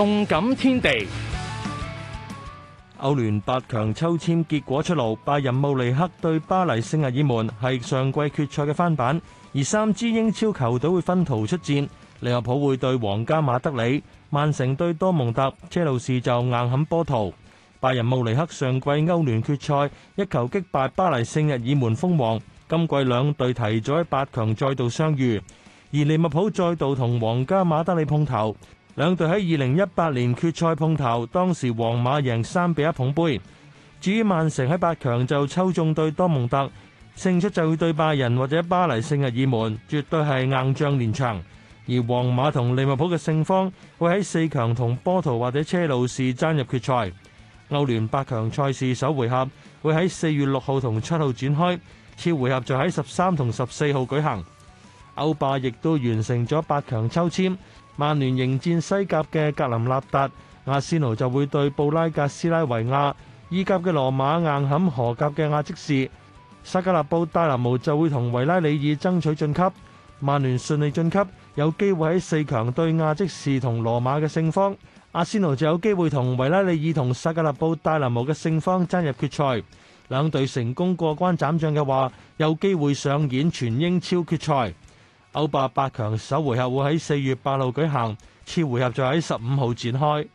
動感天地，歐聯八強抽籤結果出爐，拜仁慕尼黑對巴黎聖日耳門係上季決賽嘅翻版，而三支英超球隊會分途出戰，利物浦會對皇家馬德里，曼城對多蒙特，車路士就硬撼波圖。拜仁慕尼黑上季歐聯決賽一球擊敗巴黎聖日耳門封王，今季兩隊提早喺八強再度相遇，而利物浦再度同皇家馬德里碰頭。兩隊喺二零一八年決賽碰頭，當時皇馬贏三比一捧盃。至於曼城喺八強就抽中對多蒙特，勝出就會對拜仁或者巴黎聖日耳門，絕對係硬仗連場。而皇馬同利物浦嘅勝方會喺四強同波圖或者車路士爭入決賽。歐聯八強賽事首回合會喺四月六號同七號展開，次回合就喺十三同十四號舉行。歐霸亦都完成咗八強抽簽，曼聯迎戰西甲嘅格林納達，阿仙奴就會對布拉格斯拉維亞，意甲嘅羅馬硬撼荷甲嘅亞積士，薩格勒布戴拿模就會同維拉里爾爭取晉級。曼聯順利晉級，有機會喺四強對亞積士同羅馬嘅勝方，阿仙奴就有機會同維拉里爾同薩格勒布戴拿模嘅勝方爭入決賽。兩隊成功過關斬將嘅話，有機會上演全英超決賽。歐霸八強首回合會喺四月八號舉行，次回合就喺十五號展開。